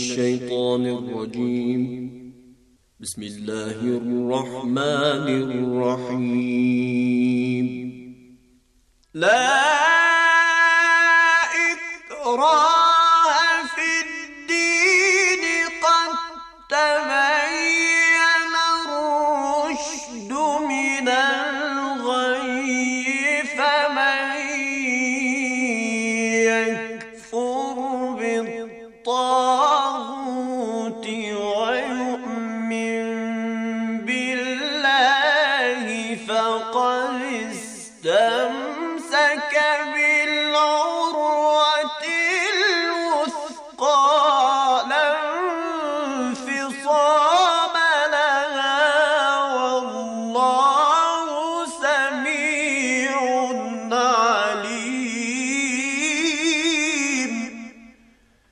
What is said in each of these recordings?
الشيطان الرجيم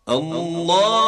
الله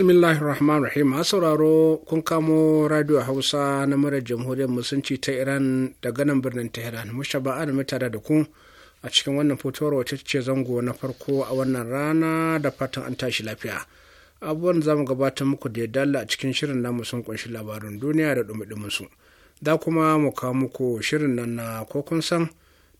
bismillahir rahmanir rahim a sauraro kun kamo radio hausa na murar jamhuriyar musulunci ta iran daga nan birnin tehran musha ba an tare da ku a cikin wannan fitowar wacce ce zango na farko a wannan rana da fatan an tashi lafiya abubuwan za mu gabatar muku da dalla a cikin shirin namu sun kunshi labarin duniya da dumi su da kuma mu kawo muku shirin nan na kun san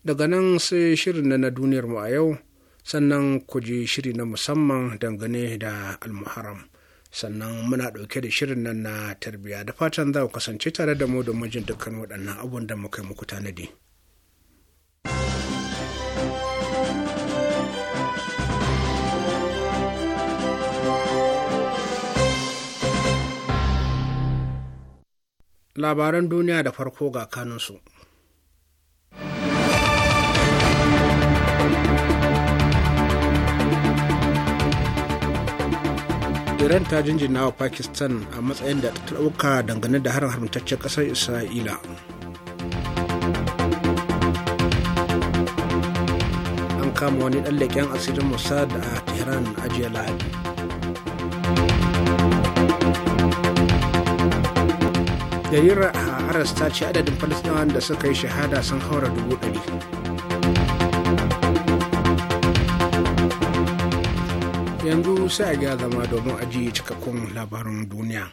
daga nan sai shirin nan na duniyar mu a yau sannan ku ji shiri na musamman dangane da almuharam sannan muna ɗauke da shirin nan na tarbiyya da fatan za ku kasance tare da mu da mijin dukkan waɗannan abubuwan da muka yi muku tanadi. Labaran duniya da farko ga kanunsu. iran ta jinjina wa pakistan a matsayin da ta ɗauka dangane da harin haramtaccen ƙasar isra'ila an kama wani ɗan leƙen asirin mossad a tehran a jiya lahadi a aras ta ce adadin falisdawan da suka yi shahada sun haura dubu ɗari yanzu sai a gya zama domin ajiye cikakkun labarin duniya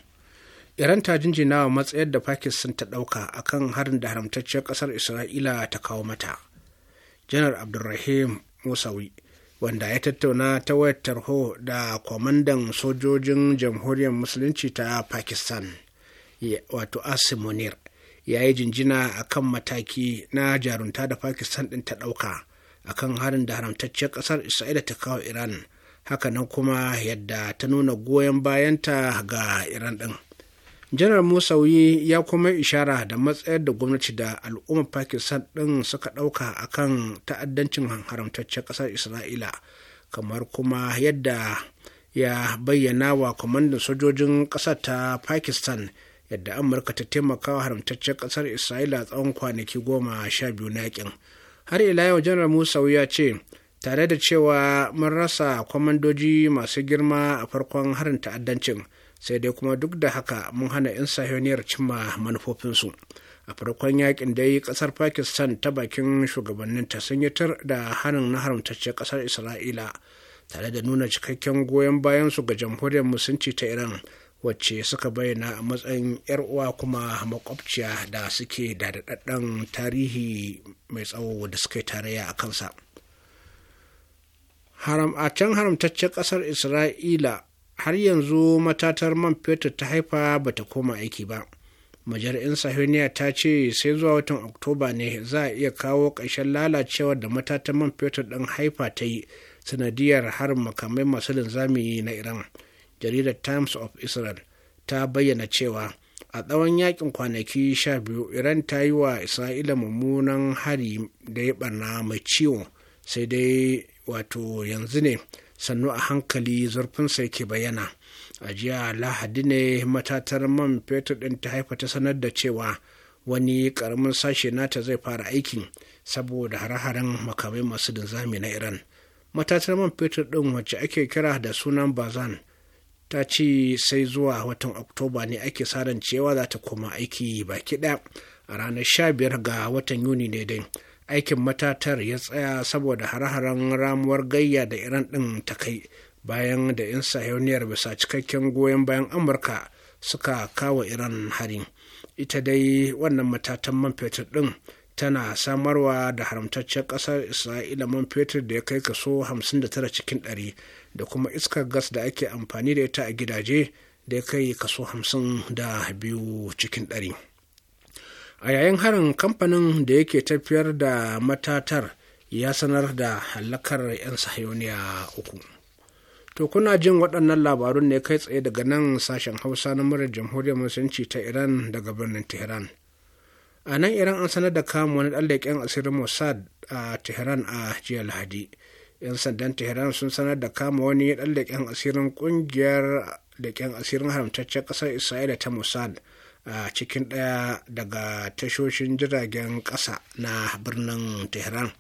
iran ta jinjina wa matsayar da pakistan ta ɗauka akan harin da haramtacciyar ƙasar isra'ila ta kawo mata janar abdulrahim musawi wanda ya tattauna ta wayar tarho da kwamandan sojojin jamhuriyar musulunci ta pakistan wato asim munir ya yi jinjina akan mataki na jarunta da pakistan ɗin ta ɗauka akan harin da haramtacciyar ƙasar isra'ila ta kawo iran hakanan kuma yadda ta nuna goyon bayanta ga iran ɗin janar musauyi ya kuma ishara da matsayar da gwamnati da al'ummar pakistan ɗin suka ɗauka kan ta'addancin haramtaccen ƙasar isra'ila kamar kuma yadda ya bayyana wa kwamandan sojojin ƙasar ta pakistan yadda amurka ta taimaka wa haramtaccen ƙasar isra'ila tsawon kwanaki goma sha biyu na yakin har ila yau janar musau ya ce tare da cewa mun rasa kwamandoji masu girma a farkon harin ta'addancin sai dai kuma duk da haka mun hana 'yan sahiyoniyar cimma manufofinsu a farkon yakin dai kasar pakistan ta bakin shugabanninta sun yi tar da hannun na haramtacce kasar isra'ila tare da nuna cikakken goyon bayansu ga jamhuriyar musulunci ta iran wacce suka bayyana a matsayin 'yar uwa kuma makwabciya da suke da daɗaɗɗen tarihi mai tsawo da suka yi tarayya a kansa. a can haramtaccen ƙasar isra'ila har yanzu matatar man fetur ta haifa ba ta koma aiki ba majari'in sahiniya ta ce sai zuwa watan oktoba ne za a iya kawo ƙarshen lalacewar da matatar man fetur ɗin haifa ta yi sanadiyar harin makamai masu linzami na iran jaridar times of israel ta bayyana cewa a tsawon yakin kwanaki sha biyu iran ta yi wa isra'ila mummunan hari da ya barna mai ciwo sai dai wato yanzu ne sannu a hankali zurfin zurfinsa yake bayyana a jiya lahadi ne matatar man fetur ɗin ta haifa ta sanar da cewa wani ƙaramin sashe nata zai fara aiki saboda hare-haren makamai masu linzami na iran matatar man fetur ɗin wacce ake kira da sunan bazan ta ce sai zuwa watan oktoba ne ake saran cewa za ta koma aiki baki ɗaya a ranar 15 ga watan yuni ne dai aikin matatar ya tsaya saboda hare-haren ramuwar gayya da iran ɗin ta kai bayan da 'yan sahiyoniyar bisa cikakken goyon bayan amurka suka kawo iran hari, ita dai wannan matatan man fetur ɗin tana samarwa da haramtaccen ƙasar isra'ila man fetur da ya kai kaso 59 cikin 100 da kuma iskar gas da ake amfani da ita a gidaje da ya kai kaso 52 cikin 100 a yayin harin kamfanin da yake tafiyar da matatar ya sanar da halakar 'yan sahayoniya uku to kuna jin waɗannan labarun ne kai tsaye daga nan sashen hausa na murar jamhuriyar musulunci ta iran daga birnin tehran a nan iran an sanar da kama wani ɗan asirin mossad a tehran a jiya lahadi 'yan sandan tehran sun sanar da kama wani ɗan leƙen asirin ƙungiyar leƙen asirin haramtaccen ƙasar isra'ila ta mossad a cikin ɗaya daga tashoshin jiragen ƙasa na birnin tehran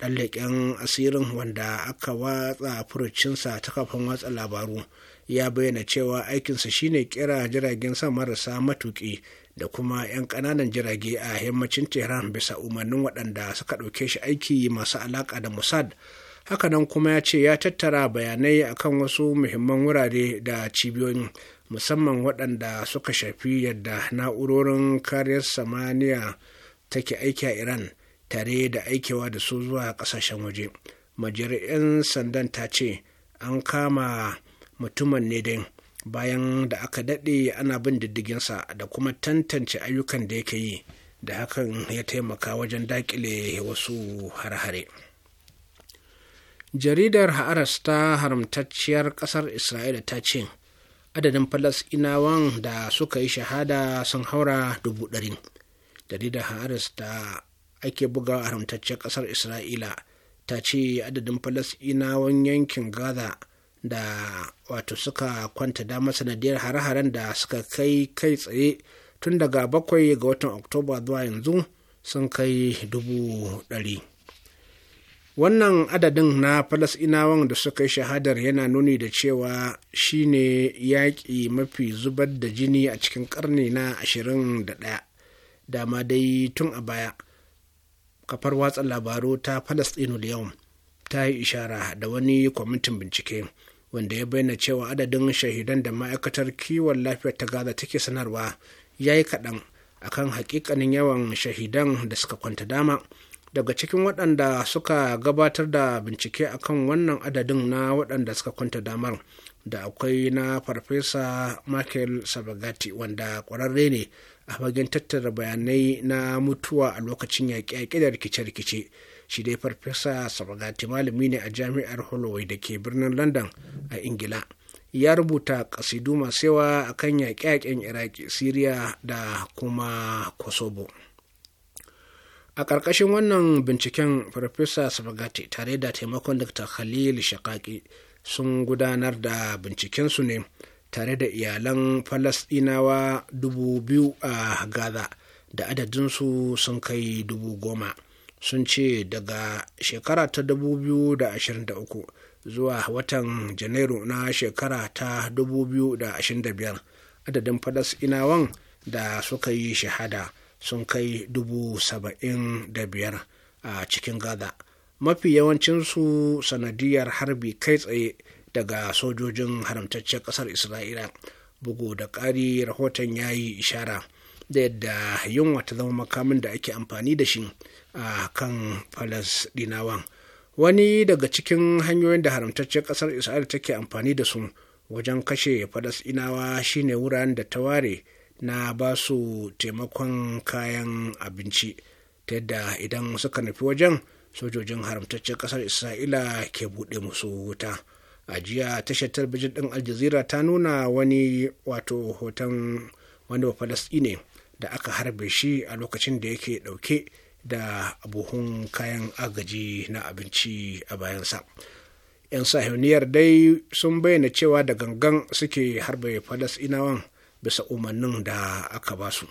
ɗan leƙen asirin wanda aka watsa furucinsa ta kafin watsa labaru ya bayyana cewa aikinsa shine kira jiragen sa marasa matuƙi da kuma 'yan ƙananan jirage a yammacin tehran bisa umarnin waɗanda suka ɗauke shi aiki masu alaƙa da mossad hakanan kuma ya ce ya tattara bayanai akan wasu muhimman wurare da cibiyoyin musamman waɗanda suka shafi yadda na'urorin kariyar samaniya take aiki a iran tare da aikewa da su zuwa ƙasashen waje majiyar 'yan sandan ta ce an kama mutumin ne dai bayan da aka daɗe ana bin diddiginsa da kuma tantance ayyukan da yake yi da hakan ya taimaka wajen daƙile wasu har-hare jaridar ha'aras ta haramtacciyar ƙasar isra'ila ta ce adadin falasinawan da suka yi shahada sun haura dubu ɗari jaridar haris da ake bugawa haramtaccen ƙasar isra'ila ta ce adadin falasinawan yankin gaza da wato suka kwanta dama sanadiyar hare-haren da suka kai kai tsaye tun daga bakwai ga watan oktoba zuwa yanzu sun kai dubu ɗari wannan adadin na falasinawan da suka yi shahadar yana nuni da cewa shine yaƙi mafi zubar da jini a cikin ƙarni na 21 dama dai tun a baya kafar watsa labaru ta falasɗinu da yawan, ta yi ishara da wani kwamitin bincike wanda ya bayyana cewa adadin shahidan da ma'aikatar kiwon lafiya ta gaza take sanarwa ya yi kaɗan akan hakikanin yawan shahidan da suka kwanta dama daga cikin waɗanda suka gabatar da bincike akan wannan adadin na waɗanda suka kwanta damar da akwai na farfesa michael sabagati wanda ƙwararre ne a fagen tattara bayanai na mutuwa a lokacin yaƙe-yaƙe da rikice-rikice shi dai farfesa sabagati malami ne a jami'ar holloway da ke birnin london a ingila ya rubuta ƙasidu masu yawa akan yaƙe-yaƙen iraki siriya da kuma kosovo a ƙarƙashin wannan binciken farfesa sabagati tare da taimakon dr khalil shakaki sun gudanar da bincikensu ne tare da iyalan falasɗinawa dubu biyu a gaza da adadinsu sun kai dubu goma sun ce daga shekara ta dubu biyu da ashirin da uku zuwa watan janairu na shekara ta dubu biyu da ashirin da biyar adadin falasɗinawan da suka yi shahada sun kai dubu saba'in da biyar a cikin gaza mafi yawancinsu sanadiyar harbi kai tsaye daga sojojin haramtaccen ƙasar isra'ila bugu da ƙari rahoton ya yi ishara da yadda yunwa ta zama makamin da ake amfani da shi a kan falasɗinawa. wani daga cikin hanyoyin da haramtaccen ƙasar isra'ila take amfani da su wajen kashe falasɗinawa shine wuraren da ta ware na ba su taimakon kayan abinci ta yadda idan suka nufi wajen sojojin haramtaccen ƙasar isra'ila ke buɗe musu wuta a jiya tashar talbijin ɗin aljazira ta nuna wani wato hoton wani ne da aka harbe shi a lokacin da yake ɗauke da buhun kayan agaji na abinci a bayansa. 'yan sahiyoniyar dai sun bayyana cewa da gangan suke harbe Falasɗinawan. bisa umarnin da aka ba su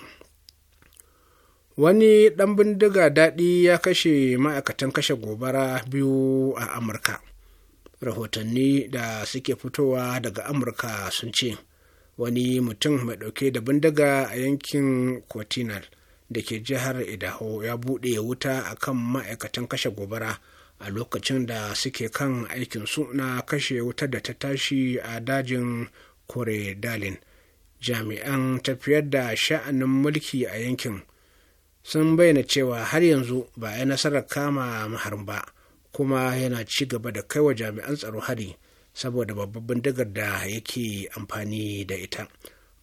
wani ɗan bindiga daɗi ya kashe ma'aikatan kashe gobara biyu a amurka rahotanni da suke fitowa daga amurka sun ce wani mutum mai ɗauke da bindiga a yankin kotinal da ke jihar idaho ya buɗe wuta a kan ma'aikatan kashe gobara a lokacin da suke kan aikinsu na kashe wuta da ta tashi a dajin kore darling jami'an tafiyar da sha'anin mulki a yankin sun bayyana cewa har yanzu ba ya nasarar kama maharin ba kuma yana ci gaba da kaiwa jami'an tsaro hari saboda babban bindigar da yake amfani da ita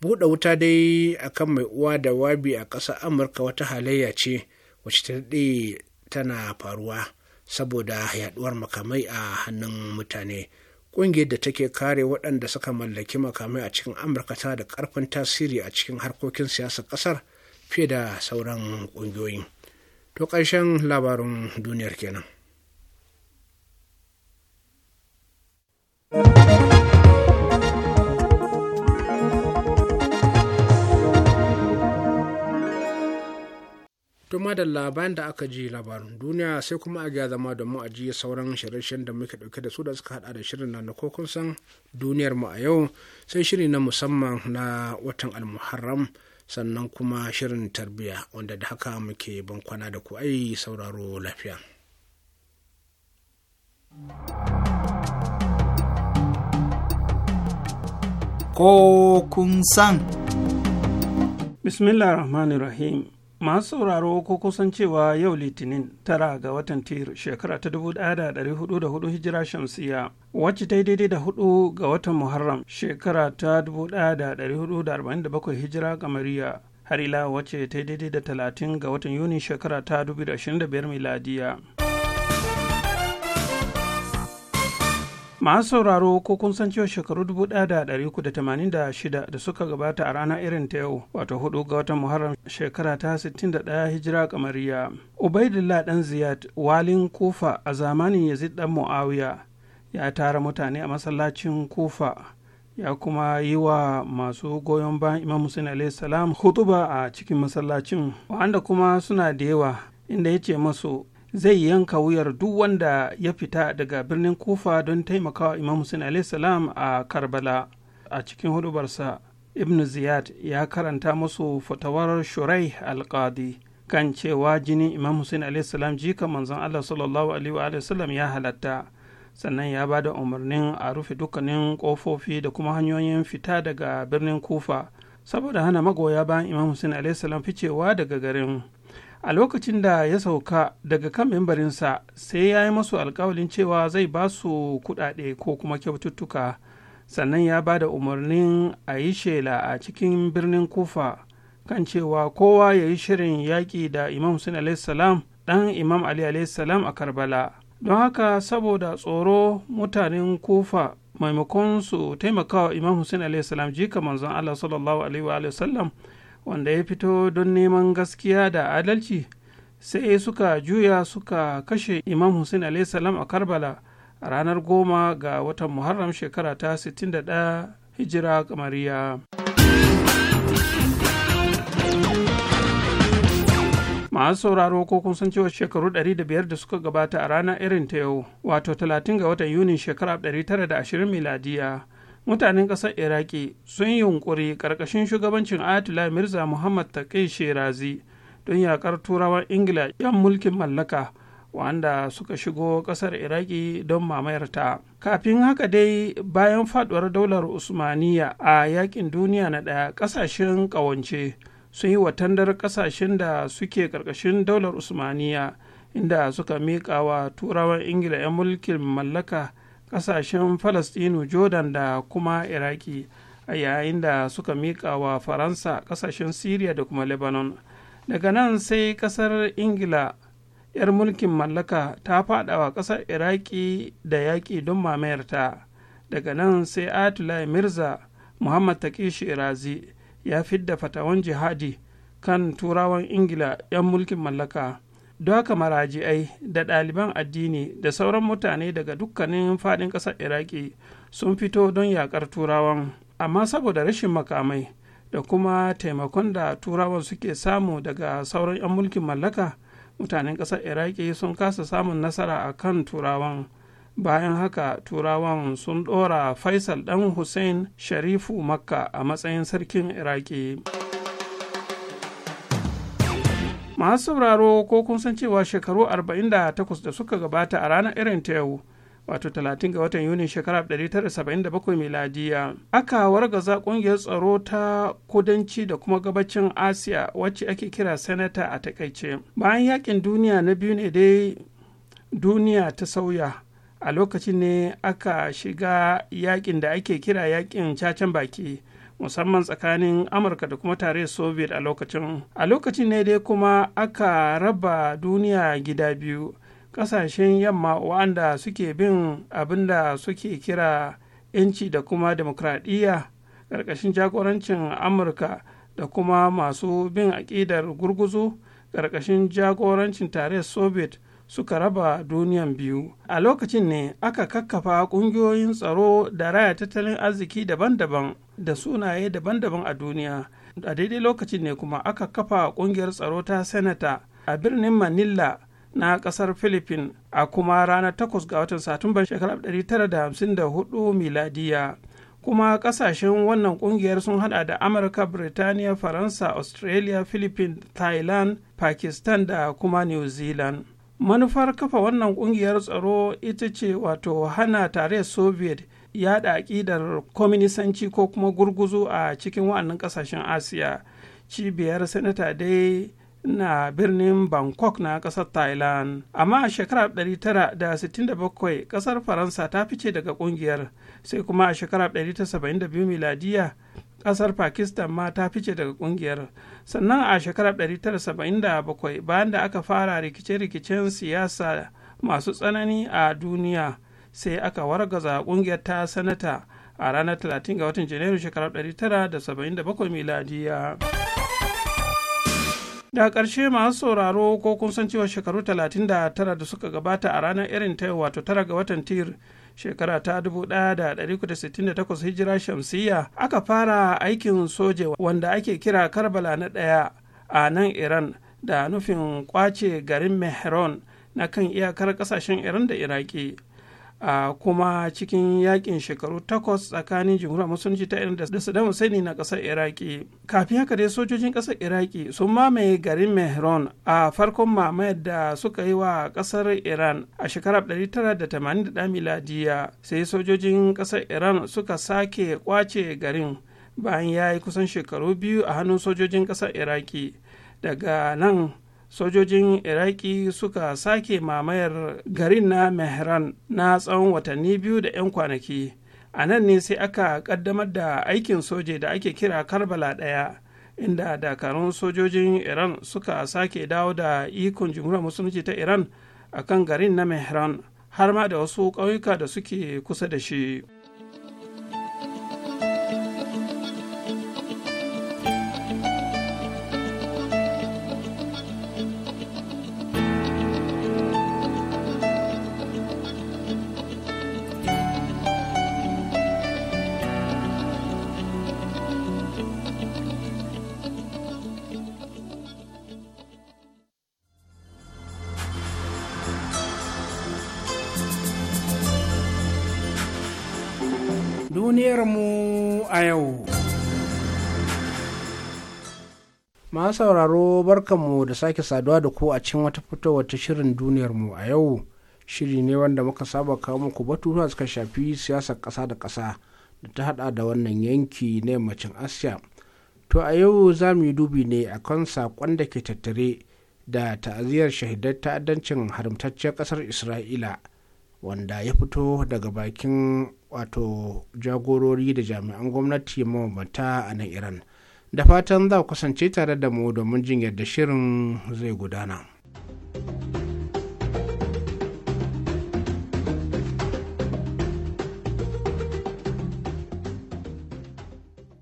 buɗe wuta dai akan mai uwa da wabi a ƙasar amurka wata halayya ce wacce ta daɗe tana faruwa saboda yaɗuwar makamai a hannun mutane ƙungiyar da take kare waɗanda suka mallaki makamai a cikin amurka ta da ƙarfin tasiri a cikin harkokin siyasar ƙasar fiye da sauran ƙungiyoyi to ƙarshen labarin duniyar kenan. to madalla bayan da aka ji labarin duniya sai kuma a gaya zama da mu a ji sauran shirye-shiryen da muke dauke da su da suka hada da shirin na na kokon san duniyar mu a yau sai shiri na musamman na watan almuharram sannan kuma shirin tarbiyya wanda da haka muke bankwana da ku ai sauraro lafiya. kokun san. Bismillah rahim masu sauraro ko kusan cewa yau litinin tara ga watan tir shekara ta dubu da da hudu hudu hijira shamsiya wacce ta yi daidai da hudu ga watan muharram shekara ta dubu da da da hudu arba'in bakwai hijira gamariya har ila wacce ta yi daidai da talatin ga watan yuni shekara ta dubu da biyar miladiya. masu sauraro ko kun san cewa shekaru 1986 da suka gabata a rana irin ta yau wato hudu ga watan muharram shekara ta sittin da 61 hijira kamariya ubaidullah dan ziyad walin kufa a zamanin yazid dan muawiya ya tara mutane a masallacin kufa ya kuma yi wa masu goyon bayan imam Alayhis salam hutuba a cikin masallacin wanda kuma suna da yawa inda ya ce masu zai yanka wuyar duk wanda ya fita daga birnin kufa don taimakawa imam hussein salam a karbala a cikin hudubarsa ibn ziyad ya karanta musu fatawar shurai alkadi kan cewa jinin imam hussein salam jika manzon allah sallallahu alaihi wa sallam ya halatta sannan ya ba da umarnin a rufe dukkanin kofofi da kuma hanyoyin fita daga birnin kufa saboda hana magoya bayan imam hussein salam ficewa daga garin a lokacin da ya sauka daga kan mimbarinsa sai ya yi masu alkawalin cewa zai ba su kuɗaɗe ko kuma kyaututtuka sannan ya ba da umarnin a yi shela a cikin birnin kufa kan cewa kowa ya yi shirin yaƙi da imam Hussein salam ɗan imam ali salam a karbala don haka saboda tsoro mutanen kufa maimakon su taimakawa imam Hussein salam jika manzon allah sallallahu alaihi wa sallam wanda ya fito don neman gaskiya da adalci sai suka juya suka kashe imam hussein salam a karbala a ranar goma ga watan muharram shekara ta 61 hijira kamariya masu sauraro ko kun san cewa shekaru 500 da suka gabata a ranar irin ta yau wato 30 ga watan yunin shekara 920 miladiya mutanen ƙasar iraki sun yi yunƙuri ƙarƙashin shugabancin ayatollah mirza muhammad taƙi shirazi don yaƙar turawan ingila 'yan mulkin mallaka wanda suka shigo ƙasar iraki don mamayar ta kafin haka dai bayan faduwar daular usmaniya a yakin duniya na ɗaya ƙasashen ƙawance sun yi watandar ƙasashen da suke ƙarƙashin daular usmaniya inda suka miƙa wa turawan ingila 'yan mulkin mallaka kasashen falastinu jordan da kuma iraki a yayin da suka miƙa wa faransa kasashen syria da kuma lebanon daga nan sai kasar ingila 'yar mulkin mallaka ta faɗawa kasar iraki da yaƙi don mamayarta daga nan sai atulai mirza muhammad taƙi shirazi ya fidda fatawan jihadi kan turawan ingila 'yan mulkin mallaka don haka marajiai da ɗaliban addini da sauran mutane daga dukkanin faɗin ƙasar iraki sun fito don yaƙar turawan amma saboda rashin makamai da kuma taimakon da turawan suke samu daga sauran 'yan mulkin mallaka mutanen ƙasar iraki sun kasa samun nasara a kan turawan bayan haka turawan sun ɗora faisal ɗan hussein sharifu makka a matsayin sarkin iraki. masu sauraro ko kun san cewa shekaru 48 da suka gabata a ranar irin ta yau wato 30 ga watan yuni shekara 1977 miladiya aka wargaza kungiyar tsaro ta kudanci da kuma gabacin asiya wacce ake kira senator a takaice bayan yakin duniya na biyu ne dai duniya ta sauya a lokacin ne aka shiga yakin da ake kira yakin cacen baki musamman tsakanin amurka da kuma tarayyar soviet a lokacin a lokacin ne dai kuma aka raba duniya gida biyu kasashen yamma wanda suke bin abin da suke kira 'yanci da kuma demokradiyya ƙarƙashin jagorancin amurka da kuma masu bin aƙidar gurguzu ƙarƙashin jagorancin tarayyar soviet suka raba duniyan biyu a lokacin ne aka kakkafa ƙungiyoyin tsaro da raya tattalin arziki daban-daban da sunaye daban-daban a duniya a daidai lokacin ne kuma aka kafa ƙungiyar tsaro ta senata a birnin manila na ƙasar Filipin, a kuma ranar 8 ga watan Satumbar shekarar 1954 miladiya kuma kasashen wannan kungiyar sun hada da amurka birtaniya faransa australia philippines thailand pakistan da kuma new zealand manufar kafa wannan kungiyar tsaro ita ce wato hana tare soviet yada aƙidar kwaminisanci ko kuma gurguzu a cikin wa'annan ƙasashen asiya cibiyar sanata dai na birnin bangkok na ƙasar thailand amma a shekarar 1967 ƙasar faransa ta fice daga ƙungiyar sai kuma a shekarar 1972 miladiya kasar pakistan ma ta fice daga kungiyar sannan a shekarar 1977 bayan da aka fara rikice-rikicen siyasa masu tsanani a duniya sai aka wargaza kungiyar ta sanata a ranar 30 ga watan janairu shekarar 1977 miladiya da ƙarshe masu sauraro ko kun san cewa shekaru 39 da suka gabata a ranar irin ta wato 9 ga watan tir shekara ta 1968 hijira shamsiyya aka fara aikin soje wanda ake kira karbala na ɗaya a nan iran da nufin kwace garin mehron na kan iyakar ƙasashen iran da iraki a kuma cikin yakin shekaru takwas tsakanin jamhuriyar musulunci ta iran da saddam husaini na kasar iraki kafin haka dai sojojin kasar iraki sun mamaye garin mehron a farkon mamayar da suka yi wa kasar iran a shekarar 1981 miladiya sai sojojin kasar iran suka sake kwace garin bayan ya yi kusan shekaru biyu a hannun sojojin kasar iraki daga nan sojojin iraki suka sake mamayar garin na mehran na tsawon watanni biyu da 'yan kwanaki a nan ne sai aka kaddamar da aikin soje da ake kira karbala ɗaya inda dakarun sojojin iran suka sake dawo da ikon jimuran musulunci ta iran akan garin na mehran har ma da wasu ƙauyuka da suke kusa da shi duniyarmu a yau. Masu sauraro barkanmu da sake saduwa da ku a cikin wata fitowar ta shirin duniyarmu a yau. Shiri ne wanda muka saba kawo muku batutuwa suka shafi siyasar ƙasa da ƙasa da ta hada da wannan yanki na yammacin Asiya. To a yau za mu yi dubi ne a kan saƙon da ke tattare da ta'aziyar shahidar ta'addancin haramtacciyar ƙasar Isra'ila wanda ya fito daga bakin wato jagorori da jami'an gwamnati mabambanta a nan iran da fatan za kusance tare da mu domin jin yadda shirin zai gudana.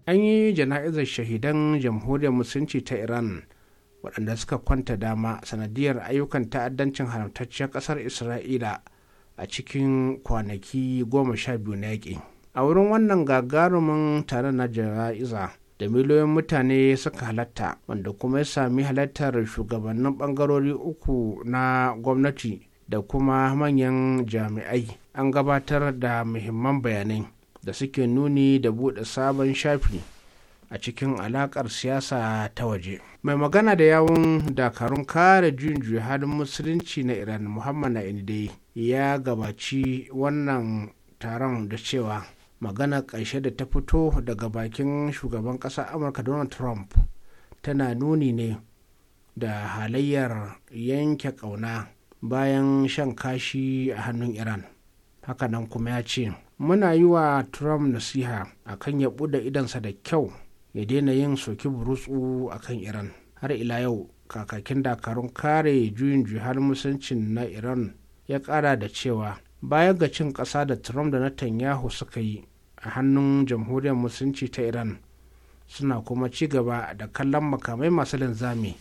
an yi jana'izar shahidan jamhuriyar musulunci ta iran waɗanda suka kwanta dama sanadiyar ayyukan ta'addancin haramtacciyar ƙasar isra'ila a cikin kwanaki goma sha biyu na yaƙi a wurin wannan gagarumin tare na jiraiza, da miliyoyin mutane suka halatta wanda kuma ya sami halattar shugabannin ɓangarori uku na gwamnati da kuma manyan jami'ai an gabatar da muhimman bayanai da suke nuni da buɗe sabon shafi a cikin alaƙar siyasa ta waje mai magana da yawun dakarun kare juyin halin musulunci na iran muhammad na ya gabaci wannan taron da cewa magana ƙarshe da ta fito daga bakin shugaban ƙasar amurka donald trump tana nuni ne da halayyar yanke ƙauna bayan shan kashi a hannun iran hakanan kuma ya ce muna yi wa trump nasiha akan ya buɗe idansa da kyau ya daina yin soki burutsu akan iran har ila yau kakakin dakarun kare juyin juhar musuncin na iran ya kara da cewa bayan ga cin ƙasa da trump da netanyahu suka yi a hannun jamhuriyar musulunci ta iran suna kuma ci gaba da kallon makamai masu linzami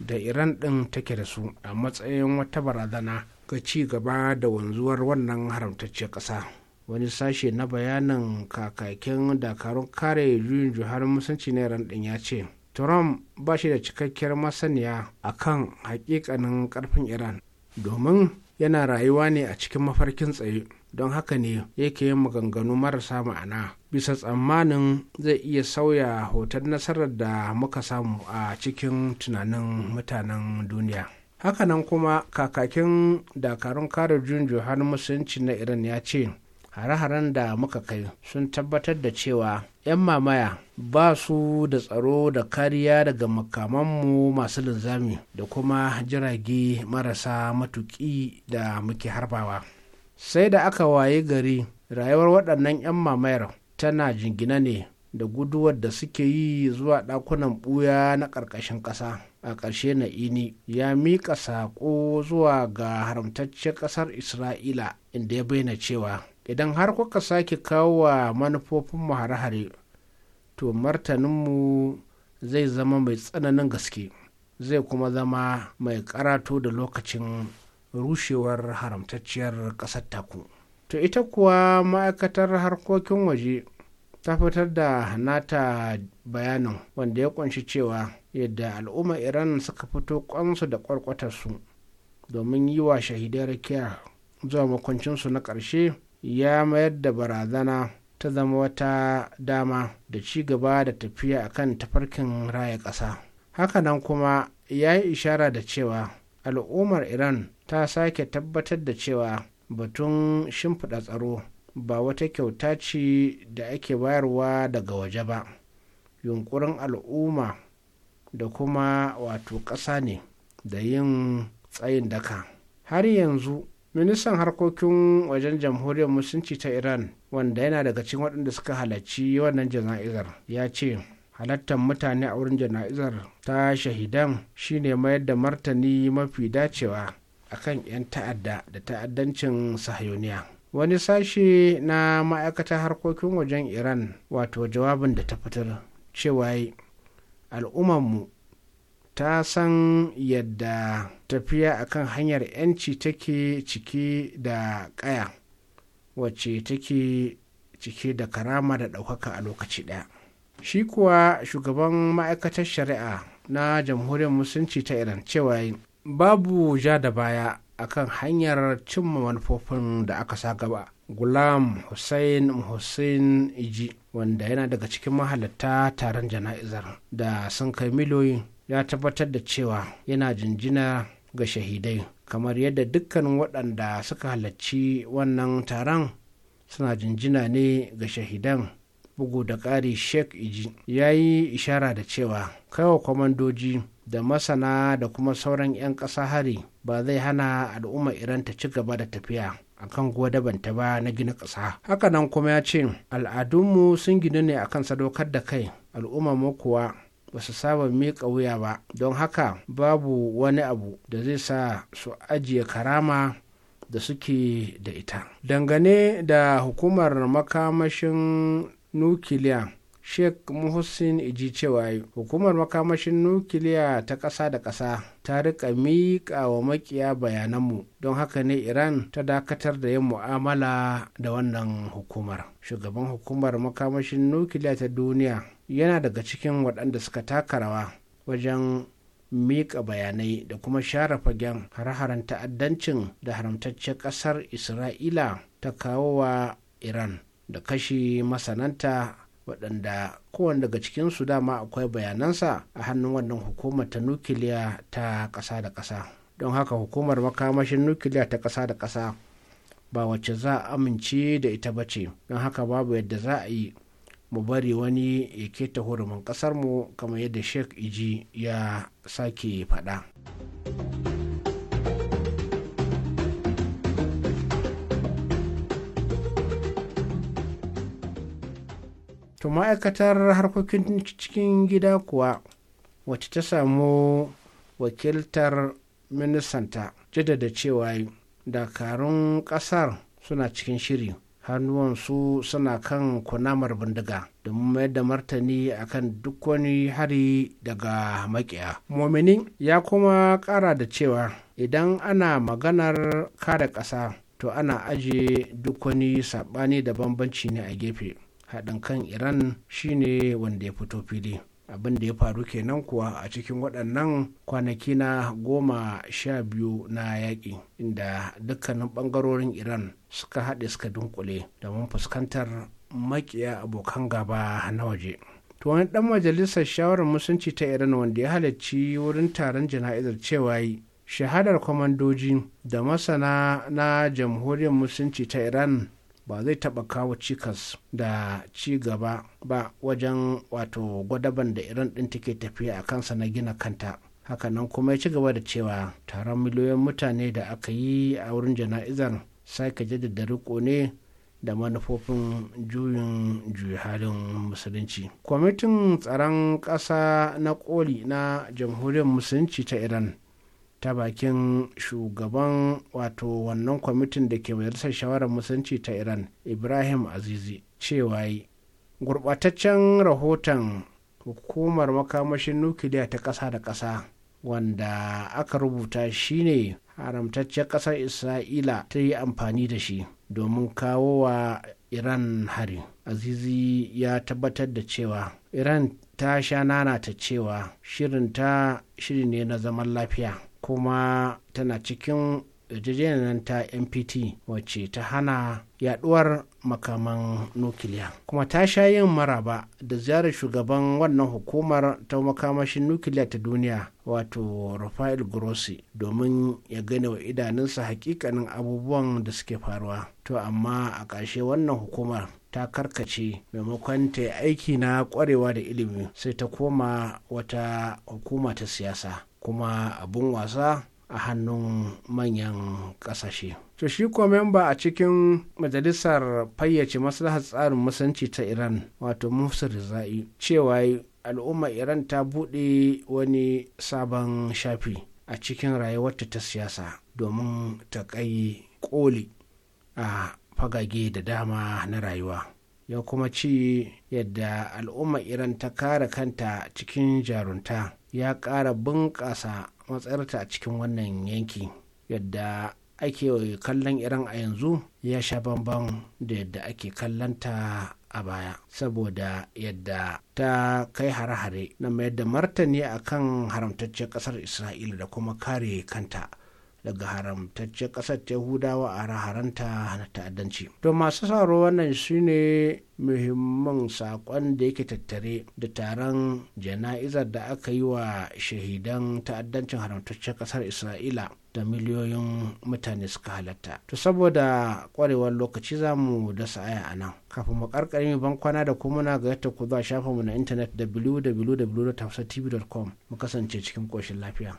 da iran ɗin take da su a matsayin wata barazana ga ci gaba da wanzuwar wannan haramtacciyar ƙasa wani sashe na bayanin kakakin dakarun kare juyin Juhar musulunci na iran ɗin ya ce trump ba shi da cikakkiyar masaniya akan hakikanin karfin iran domin yana rayuwa ne a cikin mafarkin tsaye don haka ne yake yin maganganu marasa ma'ana bisa tsammanin zai iya sauya hoton nasarar da muka samu a cikin tunanin mutanen duniya hakanan kuma kakakin dakarun kare juyin musulunci na iran ya ce hare-haren da muka kai sun tabbatar da cewa 'yan mamaya ba su da tsaro da kariya daga makamanmu masu linzami da kuma jirage marasa matuki da muke harbawa sai da aka waye gari rayuwar waɗannan 'yan mamayar tana jingina ne da guduwar da suke yi zuwa ɗakunan ɓuya na ƙarƙashin ƙasa a ƙarshe na ini ya miƙa saƙo zuwa ga haramtaccen ƙasar isra'ila inda ya bayyana cewa idan har kuka sake kawo wa manufofinmu hare-hare to martaninmu zai zama mai tsananin gaske zai kuma zama mai karatu da lokacin rushewar haramtacciyar ƙasar taku to ita kuwa ma'aikatar harkokin waje ta fitar da nata bayanin wanda ya kunshi cewa yadda al'umma iran suka fito kwansu da kwarkwatarsu domin yi wa shahidai rakiya zuwa makwancinsu na ƙarshe ya mayar da barazana ta zama wata dama da ci gaba da tafiya a kan tafarkin raya ƙasa hakanan kuma ya yi ishara da cewa al'ummar iran ta sake tabbatar da cewa batun shimfiɗa tsaro ba wata kyauta ce da ake bayarwa daga waje ba yunkurin al'umma da kuma wato ƙasa ne da yin tsayin daka har yanzu ministan harkokin wajen jamhuriyar musulunci ta iran wanda yana daga cikin waɗanda suka halarci wannan jana'izar ya ce halattar mutane a wurin jana'izar ta shahidan shine mayar da martani mafi dacewa a kan 'yan ta'adda da ta'addancin sahayoniya wani sashe na ma'aikatar harkokin wajen iran wato jawabin da ta fitar cewa al'ummarmu ta san yadda tafiya akan hanyar 'yanci take cike da ƙaya wacce take cike da karama da ɗaukaka a lokaci ɗaya shi kuwa shugaban ma'aikatar shari'a na jamhuriyar musulunci ta iran cewa babu ja da baya akan hanyar cimma manufofin da aka sa gaba gulam hussein hussein iji wanda yana daga cikin mahalatta taron jana'izar da sun kai miliyoyin ya tabbatar da cewa yana jinjina ga shahidai kamar yadda dukkan waɗanda suka halarci wannan taron suna jinjina ne ga shahidan bugu da ƙari sheikh iji ya yi ishara da cewa kaiwa kwamandoji da masana da kuma sauran 'yan ƙasa hari ba zai hana al'umma iran ta ci gaba da tafiya akan gwadabanta ba na gina ƙasa hakanan kuma ya ce al'adunmu sun ginu ne akan sadaukar da kai al'umma mu kuwa ba su saba miƙa wuya ba don haka babu wani abu da zai sa su ajiye karama da suke da ita dangane da hukumar makamashin nukiliya sheikh muhsin iji cewa hukumar makamashin nukiliya ta ƙasa da ƙasa ta riƙa miƙa wa makiya bayananmu don haka ne iran ta dakatar da yin mu'amala da wannan hukumar shugaban hukumar makamashin nukiliya ta duniya yana daga cikin waɗanda suka taka rawa wajen miƙa bayanai da kuma share fagen har-haren ta'addancin da haramtaccen ƙasar isra'ila ta kawo wa iran da kashi masananta waɗanda kowane daga cikinsu dama akwai bayanansa a hannun wannan hukumar ta nukiliya ta ƙasa da ƙasa don haka hukumar makamashin nukiliya ta ƙasa da ƙasa ba wacce za a amince da ita ba ce don haka babu yadda za a yi mu bari wani ya keta hurumin mu kamar yadda sheikh iji ya sake faɗa. to ma'aikatar harkokin cikin gida kuwa wacce ta samu wakiltar ministanta jaddada cewa dakarun kasar suna cikin shiri hannuwansu suna kan kunamar bindiga domin mayar da martani kan duk wani hari daga makiya. mominin ya kuma ƙara da cewa idan ana maganar kare ƙasa to ana aje duk wani saɓani da bambanci ne a gefe haɗin kan iran shine wanda ya fito fili. abin da ya faru kenan kuwa a cikin waɗannan kwanaki na goma sha biyu na yaƙi inda dukkanin ɓangarorin iran suka haɗe suka dunkule domin fuskantar makiya abokan gaba na waje to wani ɗan majalisar shawarar musunci ta iran wanda ya halarci wurin taron jana'izar cewa shahadar kwamandoji da masana na jamhuriyar musulunci ta iran ba zai taɓa kawo cikas da ci gaba ba wajen wato gwadaban da iran ɗin take tafiya a kansa na gina kanta hakanan kuma ya ci gaba da cewa taron miliyoyin mutane da aka yi a wurin jana'izar sake jaddada riko ne da manufofin juyin juyi halin musulunci kwamitin tsaron ƙasa na koli na jamhuriyar musulunci ta iran ta bakin shugaban wato wannan kwamitin da ke majalisar shawarar musanci ta iran ibrahim azizi cewa yi gurbataccen rahoton hukumar makamashin nukiliya ta ƙasa da ƙasa wanda aka rubuta shine haramtaccen ƙasar isra'ila ta yi amfani da shi domin kawo wa iran hari azizi ya tabbatar da cewa iran ta sha nana ta cewa shirinta shiri ne na zaman lafiya kuma tana cikin yarjejeniyar ta npt wacce ta hana yaduwar makaman nukiliya kuma ta sha yin maraba da ziyarar shugaban wannan hukumar ta makamashin nukiliya ta duniya wato rafael grossi domin ya gane wa idanunsa hakikanin abubuwan da suke faruwa to amma a ƙarshe wannan hukumar ta karkace maimakon ta aiki na kwarewa da ilimi sai ta koma wata hukuma ta siyasa kuma abun wasa a hannun manyan kasashe. To shi kuwa memba a cikin majalisar fayyace maslahar tsarin musanci ta Iran wato Musa Rizai cewa al'umma Iran ta buɗe wani sabon shafi a cikin rayuwarta ta siyasa domin ta kai koli a fagage da dama na rayuwa. Ya kuma ci yadda al'umma Iran ta kare kanta cikin jarunta. ya ƙara bunƙasa matsayarta a cikin wannan yanki yadda ake kallon iran a yanzu ya sha bamban da yadda ake kallonta a baya saboda yadda ta kai hare-hare na mayar da martani akan haramtaccen ƙasar isra'ila da kuma kare kanta daga haramtaccen ƙasar yahudawa a raharanta na ta'addanci to masu sauro wannan shine muhimman saƙon da yake tattare da taron jana'izar da aka yi wa shahidan ta'addancin haramtaccen ƙasar isra'ila da miliyoyin mutane suka halatta. To saboda kwarewar lokaci za mu dasa aya a nan. Kafin mu karkare ban bankwana da kuma na ga yadda ku za shafa mu na intanet www.tafsatv.com mu kasance cikin koshin lafiya.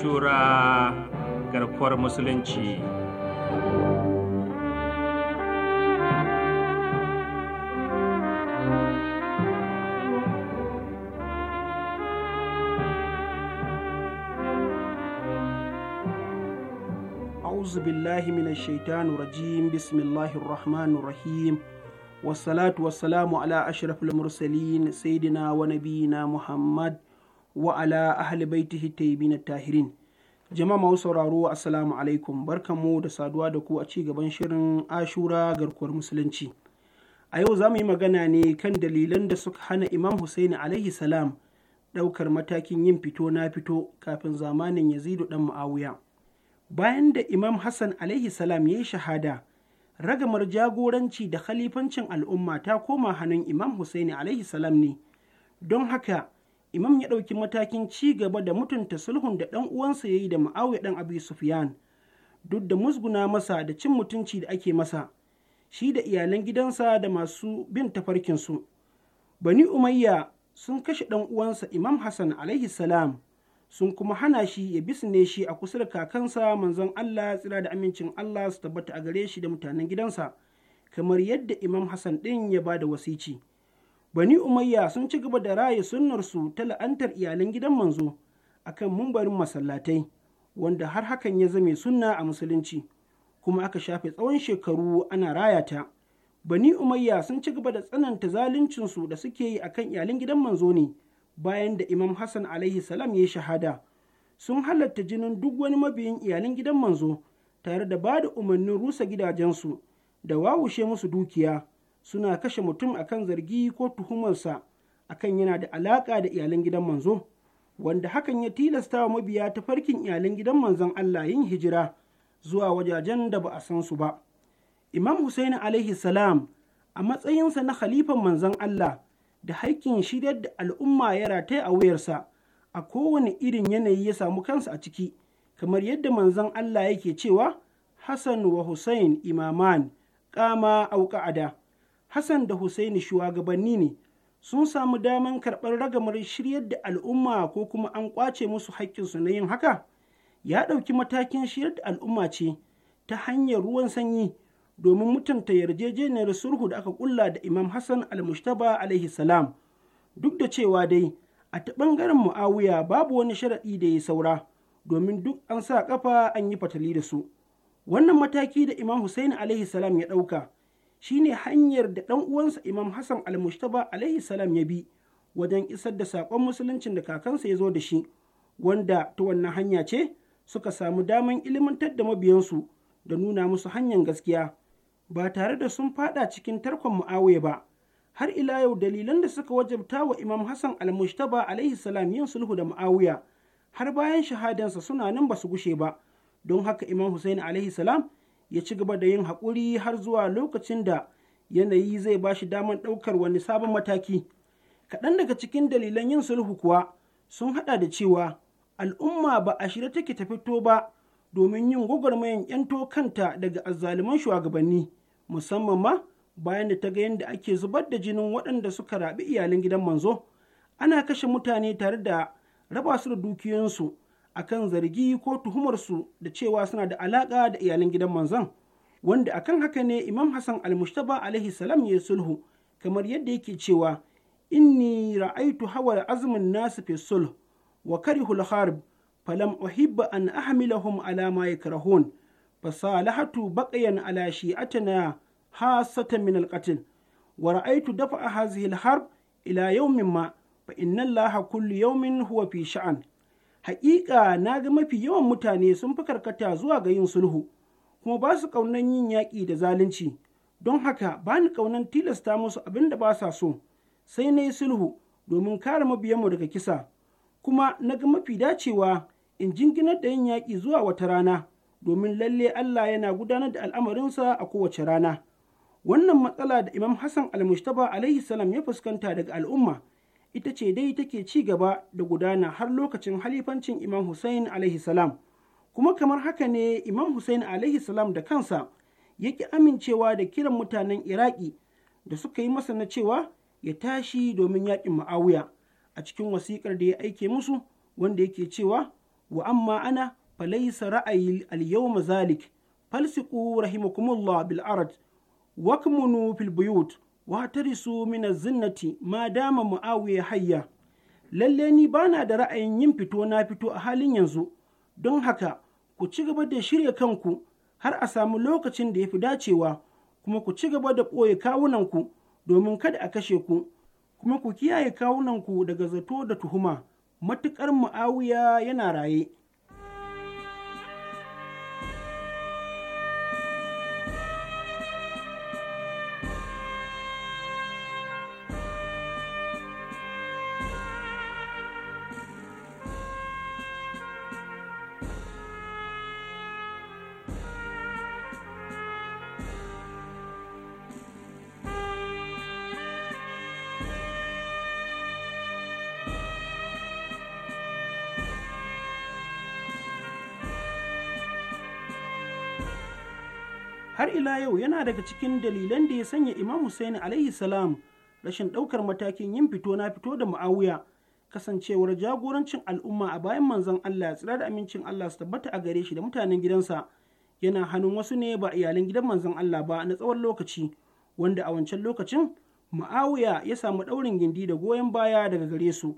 ashura garkuwar musulunci أعوذ بالله من الشيطان الرجيم بسم الله الرحمن الرحيم والصلاة والسلام على أشرف المرسلين سيدنا ونبينا محمد wa ala ahli baitihi tayyibin tahirin jama'a masu sauraro assalamu alaikum barkamu da saduwa da ku a ci gaban shirin ashura garkuwar musulunci a yau za mu yi magana ne kan dalilan da suka hana imam husaini alaihi salam ɗaukar matakin yin fito na fito kafin zamanin yazidu ɗan ma'awuya. bayan da imam hassan alaihi salam ya yi shahada ragamar jagoranci da khalifancin al'umma ta koma hannun imam husaini alaihi salam ne don haka imam ya ɗauki matakin ci gaba da mutunta sulhun da ɗan uwansa ya yi da ma'auya ɗan abu sufiyan duk da musguna masa da cin mutunci da ake masa shi da iyalan gidansa da masu bin tafarkinsu bani umayya sun kashe ɗan uwansa imam hassan alaihi salam sun kuma hana shi ya bi ne shi a kusa da kakansa manzon allah tsira da amincin allah su tabbata a gare shi da mutanen gidansa kamar yadda imam hassan ɗin ya ba da wasici bani umayya sun ci gaba da raye sunnarsu ta la'antar iyalan gidan manzo akan mumbarin masallatai wanda har hakan ya zame sunna a musulunci kuma aka shafe tsawon shekaru ana raya ta bani umayya sun ci gaba da tsananta zaluncinsu da suke yi akan iyalan gidan manzo ne bayan da imam hassan alaihi salam ya shahada sun halatta jinin duk wani mabiyin iyalan gidan manzo tare da ba da umarnin rusa gidajensu da wawushe musu dukiya suna kashe mutum akan zargi ko tuhumarsa akan yana da alaƙa da iyalan gidan manzo wanda hakan ya tilasta wa mabiya tafarkin iyalan gidan manzon Allah yin hijira zuwa wajajen da ba a san su ba imam Husaini alaihi salam a matsayinsa na khalifan manzon Allah da haikin shiryar da al'umma ya rataye a wuyarsa a kowane irin yanayi ya samu kansa a ciki kamar yadda manzon Allah yake cewa Hassan wa Hussein imaman kama auka'ada. Hassan da Husaini shugabanni ne sun samu daman karɓar ragamar shiryar da al'umma ko kuma an ƙwace musu haƙƙinsu na yin haka ya ɗauki matakin shiryar da al'umma ce ta hanyar ruwan sanyi domin mutunta yarjejeniyar sulhu da aka ƙulla da imam hassan al-mushtaba alaihi salam duk da cewa dai a ta ɓangaren mu'awiya babu wani sharaɗi da ya saura domin duk an sa ƙafa an yi fatali da su wannan mataki da imam husaini alaihi salam ya ɗauka shine hanyar da ɗan uwansa imam hassan al alaihi salam ya bi wajen isar da saƙon musuluncin da kakansa ya zo da shi wanda ta wannan hanya ce suka samu daman ilimantar da mabiyansu da nuna musu hanyar gaskiya ba tare da sun faɗa cikin tarkon mu'awiya ba har ila yau dalilan da suka wajabta wa imam hassan al alaihi salam yin sulhu da mu'awiya har bayan shahadansa suna nan ba su gushe ba don haka imam hussein alaihi salam ya ci gaba da yin haƙuri har zuwa lokacin da yanayi zai ba shi damar ɗaukar wani sabon mataki. Kaɗan daga cikin dalilan yin sulhu kuwa sun haɗa da cewa al'umma ba a shirya take ta fito ba domin yin gwagwarmayan 'yanto kanta daga azzaluman shugabanni musamman ma bayan da ta ga yadda ake zubar da jinin waɗanda suka raɓi iyalin gidan manzo ana kashe mutane tare da raba su da dukiyansu akan zargi ko tuhumarsu da cewa suna da alaƙa da iyalin gidan manzon wanda akan haka ne imam hassan almustaba alaihi salam ya sulhu kamar yadda yake cewa inni ra'aitu hawa azumin nasu fi sulh wa karihul harb falam uhibba an ahmilahum ala ma yakrahun fasalahatu baqiyan ala shi'atina hasatan min alqatl wa ra'aitu dafa hadhihi alharb ila yawmin ma fa inna allaha kullu yawmin huwa fi sha'an Haƙiƙa na ga mafi yawan mutane sun fi karkata zuwa ga yin sulhu, kuma ba su ƙaunar yin yaƙi da zalunci, don haka ba ni ƙaunar tilasta musu abin da ba sa so, sai na yi sulhu domin kare mabiyanmu daga kisa, kuma na ga mafi dacewa in jinginar da yin yaƙi zuwa wata rana, domin lalle Allah yana gudanar da al'amarinsa a kowace rana. Wannan matsala da Imam Hassan al-Mustaba alaihi salam ya fuskanta daga al'umma ita ce dai take ci gaba da gudana har lokacin halifancin Imam Hussein alaihi salam. Kuma kamar haka ne Imam Hussein alaihi salam da kansa yake amincewa da kiran mutanen Iraki da suka yi masa na cewa ya tashi domin yaƙin ma'awuya a cikin wasiƙar da ya aike musu wanda yake cewa wa amma ana falaisa ra'ayi al mazalik falsiku rahimakumullah bil ard wakmunu fil wahtarisu min zinnati ma dama muawiya hayya lalle ni bana da ra'ayin yin fito na fito a halin yanzu don haka ku ci gaba da shirya kanku har a samu lokacin da ya fi dacewa kuma ku ci gaba da ɓoye kawunanku domin kada a kashe ku kuma ku kiyaye kawunanku daga zato da tuhuma matuƙar mu'awiya yana raye har ila yau yana daga cikin dalilan da ya sanya imam Hussein alaihi salam rashin ɗaukar matakin yin fito na fito da ma'awiya kasancewar jagorancin al'umma a bayan manzon Allah ya tsira da amincin Allah su tabbata a gare shi da mutanen gidansa yana hannun wasu ne ba iyalan gidan manzon Allah ba na tsawon lokaci wanda a wancan lokacin ma'awiya ya samu ɗaurin gindi da goyon baya daga gare su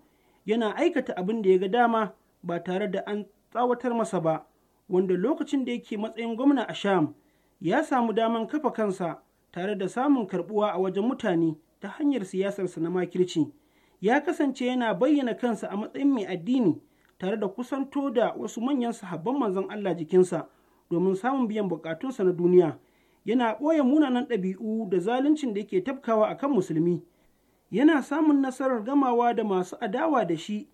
yana aikata abin da ya ga dama ba tare da an tsawatar masa ba wanda lokacin da yake matsayin gwamna a sham ya samu daman kafa kansa tare da samun karbuwa a wajen mutane ta hanyar siyasarsa na makirci ya kasance yana bayyana kansa a matsayin mai addini tare da kusanto da wasu manyan sahabban manzon Allah jikinsa domin samun biyan bukatunsa na duniya yana ɓoye munanan ɗabi'u da zaluncin da yake tafkawa a kan musulmi yana samun nasarar gamawa da masu adawa da shi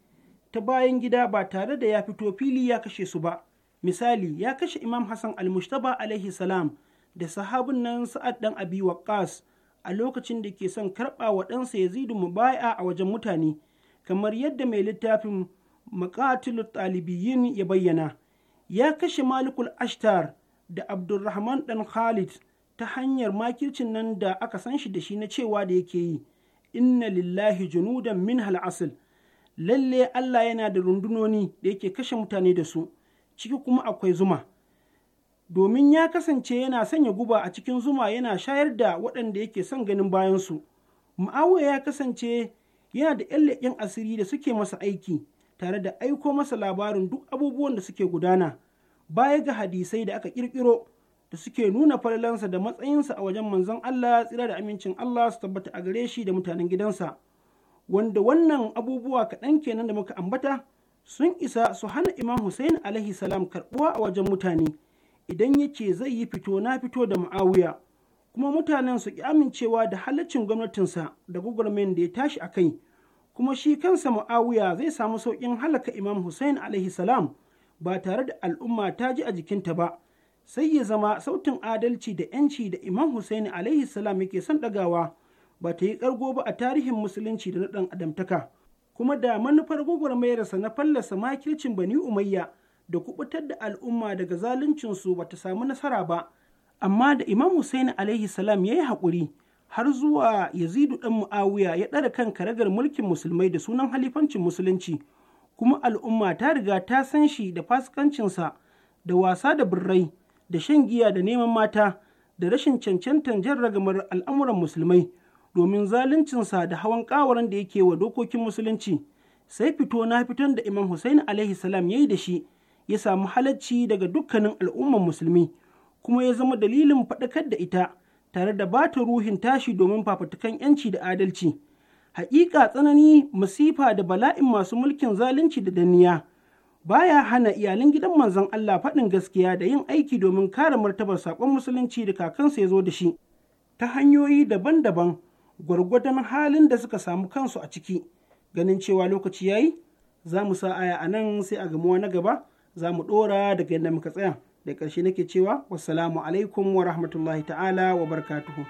ta bayan gida ba tare da ya fito fili ya kashe su ba misali ya kashe imam hassan almushtaba alaihi salam da sahabin nan sa'ad dan abi waqqas a lokacin da ke son karɓa wa ɗansa yazidu mubaya a wajen mutane kamar yadda mai littafin maqatilu talibiyin ya bayyana ya kashe malikul ashtar da abdulrahman dan khalid ta hanyar makircin nan da aka san shi da shi na cewa da yake yi inna lillahi junudan min hal lalle allah yana da rundunoni da yake kashe mutane da su ciki kuma akwai zuma domin ya kasance yana sanya guba a cikin zuma yana shayar da waɗanda yake son ganin bayansu ma'awiya ya kasance yana da yan leƙen asiri da suke masa aiki tare da aiko masa labarin duk abubuwan da suke gudana baya ga hadisai da aka ƙirƙiro da suke nuna falalansa da matsayinsa a wajen manzon Allah tsira da amincin Allah su tabbata a gare shi da mutanen gidansa wanda wannan abubuwa kaɗan kenan da muka ambata sun isa su hana imam hussein alaihi salam karɓuwa a wajen mutane idan yake zai yi fito na fito da mu'awiya kuma mutanen su ki amincewa da halaccin gwamnatinsa da gwagwarmayin da ya tashi a kai kuma shi kansa mu'awiya zai samu sauƙin halaka imam hussein alaihi salam ba tare da al'umma ta ji a jikinta ba sai ya zama sautin adalci da yanci da imam hussein alaihi salam yake son ɗagawa ba ta yi ƙargo ba a tarihin musulunci da na ɗan adamtaka kuma da manufar gwagwarmayarsa na fallasa makircin bani umayya da kubutar da al'umma daga zaluncinsu ba ta samu nasara ba amma da imam Hussein alaihi salam ya yi haƙuri har zuwa yazidu ɗan mu'awiya ya ɗara kan karagar mulkin musulmai da sunan halifancin musulunci kuma al'umma ta riga ta san shi da fasikancinsa da wasa da birrai da shan giya da neman mata da rashin cancantan jan ragamar al'amuran musulmai domin zaluncinsa da hawan ƙawaran da yake wa dokokin musulunci sai fito na fitan da imam Hussein alaihi salam ya yi da shi ya samu halacci daga dukkanin al'ummar musulmi kuma ya zama dalilin faɗakar da ita tare da ba ta ruhin tashi domin fafatukan yanci da adalci haƙiƙa tsanani masifa da bala'in masu mulkin zalunci da danniya baya hana iyalin gidan manzon Allah faɗin gaskiya da yin aiki domin kare martabar sakon musulunci da kakansa ya zo da shi ta hanyoyi daban-daban gwargwadon halin da suka samu kansu a ciki ganin cewa lokaci yayi za mu sa aya a nan sai a gamuwa na gaba za mu ɗora daga yadda muka tsaya da ƙarshe nake cewa wassalamu alaikum wa rahmatullahi ta'ala wa barkatuhu.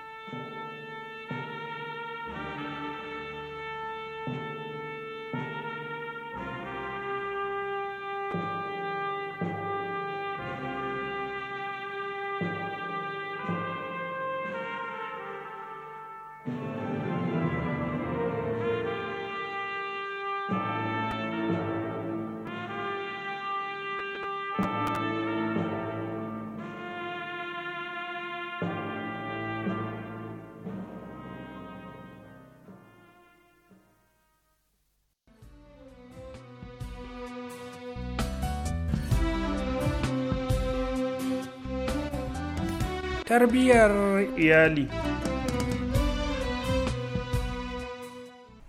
tarbiyyar iyali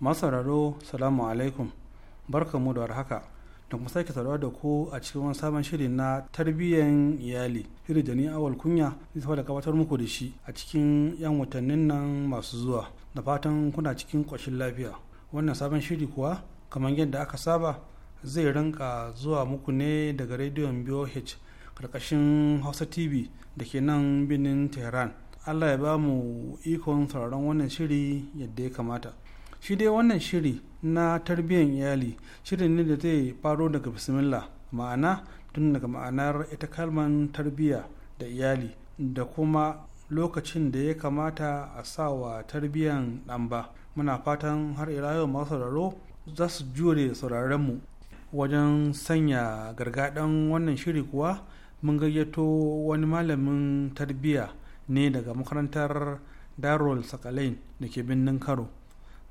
masararo salamu alaikum barkamu da haka da kuma sake saurawa da ku a cikin wani sabon shiri na tarbiyyar iyali shiri da ni awal kunya zai saba da gabatar muku da shi a cikin yan watannin nan masu zuwa da fatan kuna cikin ƙoshin lafiya wannan sabon shiri kuwa kamar yadda aka saba zai rinka zuwa muku ne daga rediyon BOH karkashin hausa tv da ke nan birnin tehran allah ya ba mu ikon sauraron wannan shiri yadda ya kamata shi dai wannan shiri na tarbiyyar iyali shiri ne da zai faro daga bismillah ma'ana tun daga ma'anar ita kalman tarbiyya da iyali da kuma lokacin da ya kamata a sa wa tarbiyyar ɗan ba muna fatan har ila yau masu sauraro za su jure sauraronmu wajen sanya gargaɗin wannan shiri kuwa mun gayyato wani malamin tarbiyya ne daga makarantar darul sakalain da ke birnin karo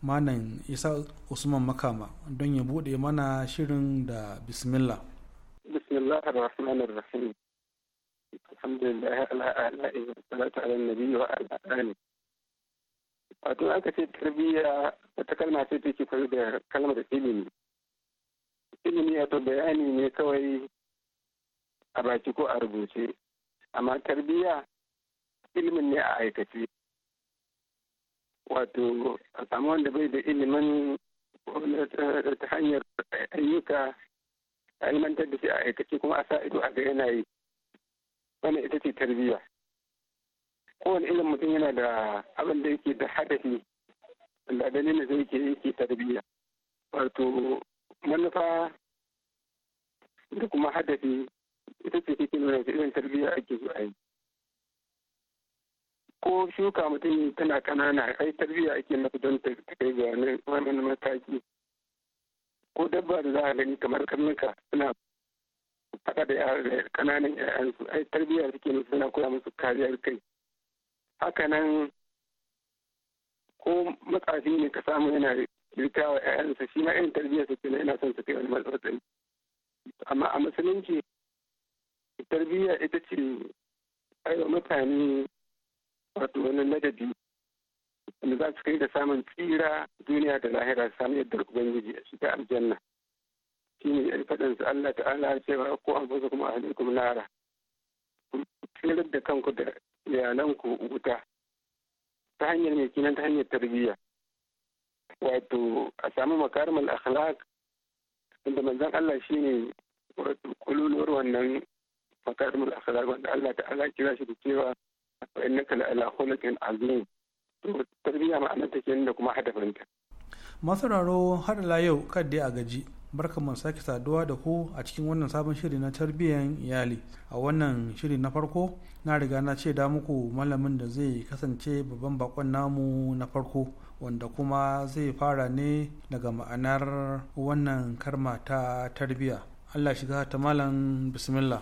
manan isa usman makama don ya bude mana shirin da bismillah bismillah ar-rahman ar-rahim alhamdulillah ala ala'i wa salatu ala nabi wa ala ali wato aka ce tarbiyya wata kalma ce take koyi da kalmar ilimi ilimi wato bayani ne kawai a baki ko a rubuce amma tarbiyya ilimin ne a aikace wato a samu wanda bai da ilimin ta hanyar ayyuka a ilimantar da shi a aikace kuma a sa ido a ga yanayi. yi wannan ita ce tarbiyya kowane irin mutum yana da abin da yake da hadafi da dalilin da yake yake tarbiyya wato manufa da kuma hadafi ita ce take nuna ta irin tarbiyya ake so a yi ko shuka mutum tana kanana ai tarbiyya ake mata don ta kai ga wannan mataki ko dabba da za a gani kamar karnuka suna faɗa da kananan yayansu ai tarbiyya suke nufi suna koya musu kariyar kai haka nan ko matsafi ne ka samu yana rika wa yayansa shi ma irin tarbiyya suke na yana son su kai wani matsatsani amma a musulunci tarbiyya ita ce aiwa mutane wato wani ladabi wanda za su kai da samun tsira duniya da lahira su samu yadda ubangiji a shiga aljanna shine yan faɗin su Allah ta'ala cewa ko an fasa kuma kuma lara tsirar da kanku da iyalanku wuta ta hanyar mai kinan ta hanyar tarbiyya wato a samu makarimar akhlaq inda manzon Allah shi ne wato kululuwar wannan fatarmul akhlaq wanda Allah ta'ala kira shi da cewa fa innaka la ala khuluqin azim to ma ma'anar take da kuma hadafinta masararo har la yau dai a gaji barka mu sake saduwa da ku a cikin wannan sabon shiri na tarbiyyar iyali a wannan shiri na farko na riga na ce da muku malamin da zai kasance babban bakon namu na farko wanda kuma zai fara ne daga ma'anar wannan karma ta tarbiyya allah shiga ta malam bismillah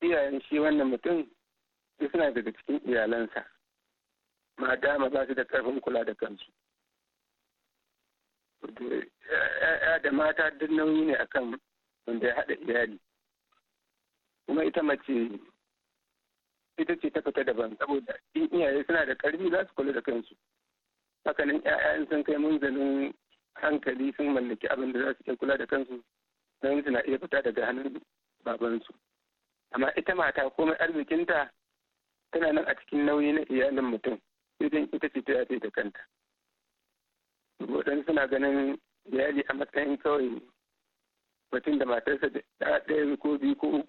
iyayen shi wannan mutum suna daga cikin iyalansa ma dama ba su da karfin kula da kansu ya da mata duk nauyi ne akan wanda ya haɗa iyali kuma ita mace ita ce ta fita daban saboda in iyaye suna da karfi za su kula da kansu hakanan ƴaƴan sun kai munzalin hankali sun mallaki abin da za su iya kula da kansu don na iya fita daga hannun babansu amma ita mata komai arzikinta tana nan a cikin nauyi na iyalin mutum idan ita ce ta da kanta wadanda suna ganin iyali a matsayin kawai mutum da matarsa da ɗaya ko biyu ko uku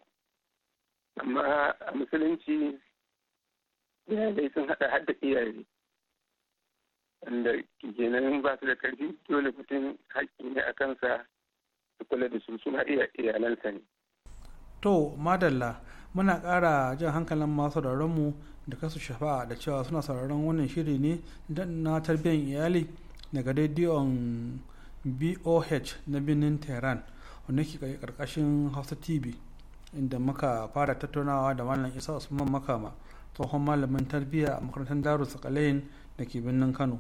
amma a musulunci iyalai sun haɗa hadda iyali wanda kenan ba su da karfi dole mutum haƙƙi ne a kansa su kula da su suna iya iyalansa ne to madalla muna ƙara jan hankalin masu mu da kasu shafa'a da cewa suna sauraron wannan shiri ne na tarbiyyar iyali daga rediyon boh na birnin tehran wanda ke karkashin hausa tv inda muka fara tattaunawa da malam isa usman makama tsohon malamin tarbiyya a makarantar darus kalayin da ke birnin kano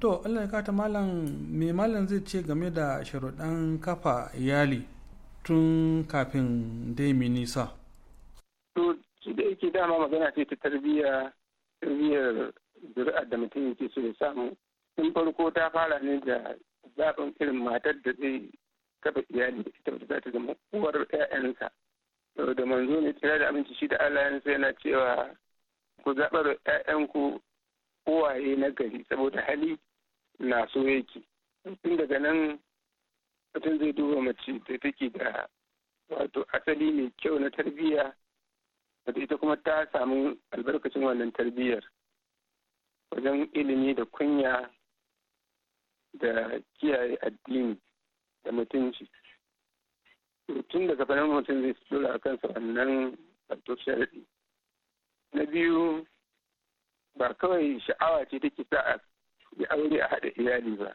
to allah ya kata malam me malam zai ce game da sharuɗan kafa iyali tun kafin dai mi nisa to shi da yake dama magana ce ta tarbiyya tarbiyyar zuri'ar da mutum yake so ya samu in farko ta fara ne da zaɓin irin matar da zai kafa iyali da ita za ta zama uwar 'ya'yansa da manzo ne tsira da abinci shi da Allah yansa yana cewa ku zaɓar 'ya'yanku uwaye na gari saboda hali na so yake tun daga nan mutum zai duba mace da take da wato asali mai kyau na tarbiyya wato ita kuma ta samu albarkacin wannan tarbiyyar wajen ilimi da kunya da kiyaye addini da mutunci tun daga fanar mutum zai tura kansa wannan wato sharadi na biyu ba kawai sha'awa ce take sa a yi aure a haɗa iyali ba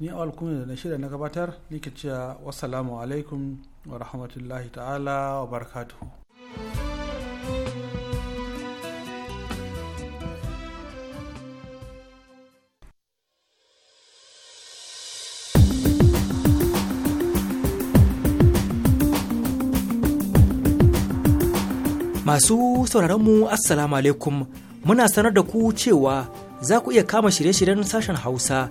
ni awal kuma da na shirya na gabatar nike cewa wassalamu alaikum wa rahmatullahi ta'ala wa barakatuhu Masu sauraronmu Assalamu alaikum muna sanar da ku cewa za ku iya kama shirye-shiryen sashen Hausa